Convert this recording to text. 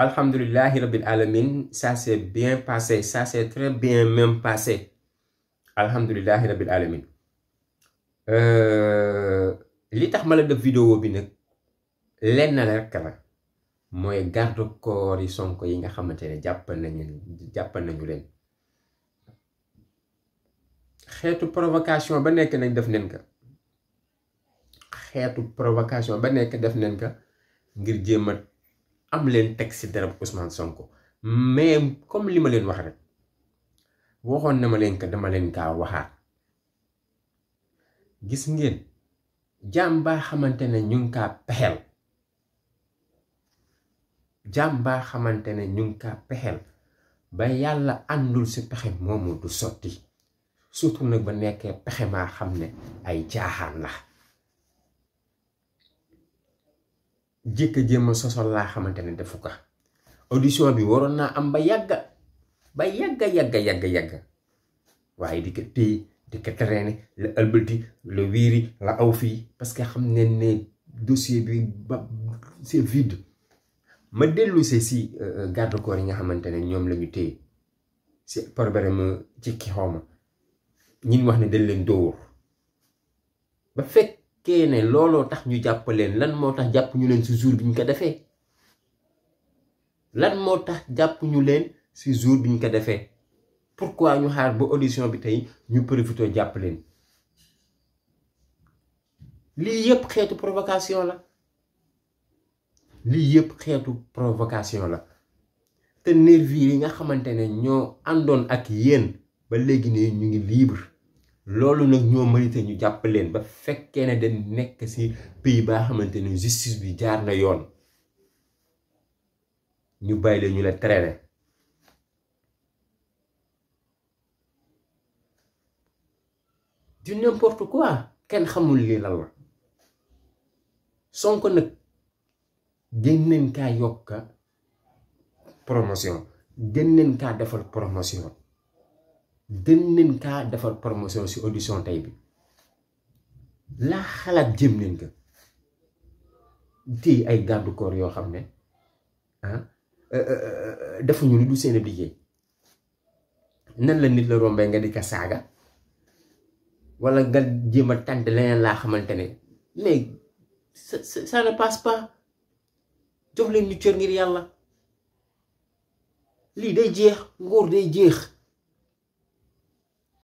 alhamdulillahi rabbil alamin ça bien passé ça s'est très bien même passé alhamdulillahi rabbil alamin euh, li tax ma la def vidéo bi nag lenn la rek la mooy garde corps yi Sonko yi nga xamante ne jàpp nañu nañu leen xeetu provocation ba nekk nañ def nen ka xeetu provocation ba nekk def nen ka ngir jéem am leen teg si derab Ousmane Sonko mais comme li ma leen wax rek waxoon na ma leen ko dama leen kaa waxaat gis ngeen jaam baa xamante ne ñu ngi kaa pexeel jaam xamante ne ñu kaa pexeel ba yàlla àndul si pexe moomu du sotti surtout nag ba nekkee pexe maa xam ne ay caaxaan la jëkk jéem a sosol la xamante ne defu ko audition bi waron na am ba yagga ba yagga yagga yagga yagga waye di ko téye di ko traîner la ëlbati la la aw parce que xamne ne dossier bi c'est vide ma delu si euh, euh, garde corps yi nga xamante ñom lañu c'est si problème ci ki ñin wax ne dañ leen ba fekk kéne lolo tax ñu jappaleen lan motax japp ñu leen ci jour biñ ko défé lan motax japp ñu leen ci jour biñ ko défé pourquoi ñu xaar bu audition bi tay ñu profité jàpp leen lii yëpp xeetu provocation la li yépp xeetu provocation la te nervi yi nga xamante ne ñoo àndoon ak yeen ba légui ne ñu ngi libre loolu nag ñoo mérité ñu jàpp leen ba fekkee ne dañ nekk ci pays baa xamante ni justice bi jaar na yoon ñu bàyyi leen ñu la traîner du n'importe quoi kenn xamul lii lan la sonk nag gën nañ kaa yokka promotion gën nañ kaa defal promotion dañ nañ ka defar promotion si audition tay bi la xalat jëm nañ ka di ay gardu corps yoo xam ne ah euh, euh, euh, defuñu lu du seen a liggéey nan la nit la rombee nga di ka saga wala nga jéem a tànt leneen laa ne mais ça ne passe pas jox leen ñu cër ngir yalla li day jeex ngor day jeex.